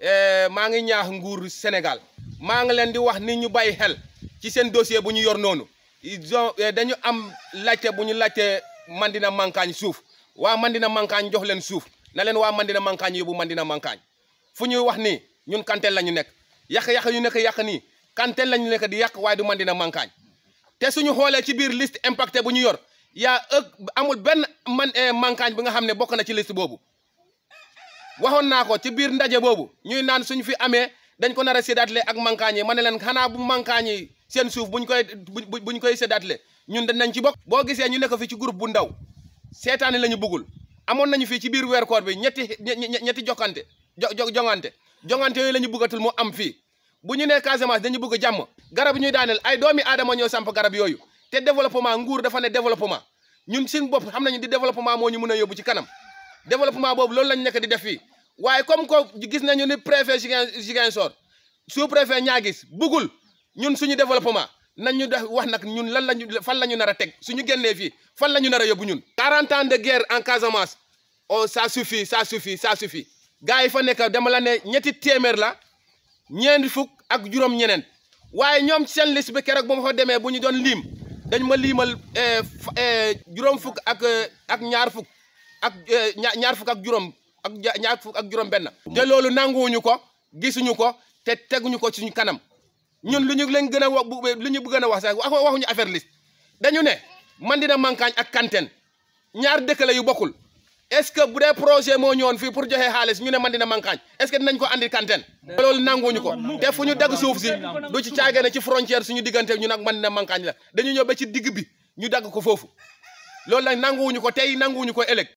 Eh, maa ngi ñaax nguur Sénégal maa ngi leen di wax ni ñu bàyyi xel ci seen dossier bu ñu yor noonu eh, dañu am laajte bu ñu laajte Mandina Mankaañ suuf waa Mandina Mankaañ jox leen suuf na leen waa Mandina Mankaañ yóbbu Mandina Mankaañ fu ñuy wax ni ñun Kantel la ñu nekk yàq-yàq ñu nekk yàq ni kanteen la ñu nekk di yàq waaye du Mandina Mankaañ te su ñu xoolee ci biir liste impacté bu ñu yor yaa amul benn man eh, Mankaañ bi nga xam ne bokk na ci liste boobu waxoon naa ko ci biir ndaje boobu ñuy naan suñ fi amee dañ ko nar a séddaatle ak mankaañ yi ma ne leen xanaa bu mankaañ yi seen suuf buñ koy buñ koy séddaatle ñun dañ nañ ci bokk. boo gisee ñu nekk fi ci groupe bu ndaw seetaani la ñu bëggul amoon nañu fii ci biir weer koor bi ñetti ñetti jokkante jo joŋante joŋante yooyu la ñu bëggatul mu am fii bu ñu nee Casamance dañu bëgg jàmm. garab ñuy daaneel ay doomi aadama ñoo samp garab yooyu te développement nguur dafa ne développement ñun suñ bopp xam nañu di développement moo ñu mën a yóbbu ci kanam développement boobu loolu lañ nekk di def fii waaye comme ko gis nañu ni préfet su sous préfet gis bëggul ñun suñu développement nañ ñu def wax nag ñun lan lañu fan la ñu nar a teg suñu génnee fii fan la ñu nar a yóbbu ñun. 40 ans de guerre en Casamance o oh, ça suffit ça suffit ça suffit gars yi fa nekk demala ne ñetti téeméer la ñeenti fukk ak juróom-ñeneen waaye ñoom seen liste bi keroog ba ma fa demee bu ñu doon liim dañ ma liimal eh, eh, juróom fukk ak eh, ak ñaar fukk. ak eh, ñaar fukk ak juróom ak ñaar fukk ak juróom benn te loolu nanguwuñu ko gisuñu ko te teguñu ko suñu kanam ñun lu ñu leen gën a wax lu ñu gën a wax sax waxuñu affaire liste dañu ne Mandina Mankagne ak Kanteen ñaar dëkk la yu bokkul est-ce que bu dee projet moo ñëwoon fii pour joxe xaalis ñu ne Mandina Mankagne est-ce que dinañ ko andi Kanteen loolu nanguwuñu ko te fu ñu dagg suuf si du ci caagane ci frontière suñu diggante ñun ak Mandina Mankagne la dañu ñëw ba ci digg bi ñu dagg ko foofu loolu nag nanguwuñu ko tey nanguwuñu ko ëllëg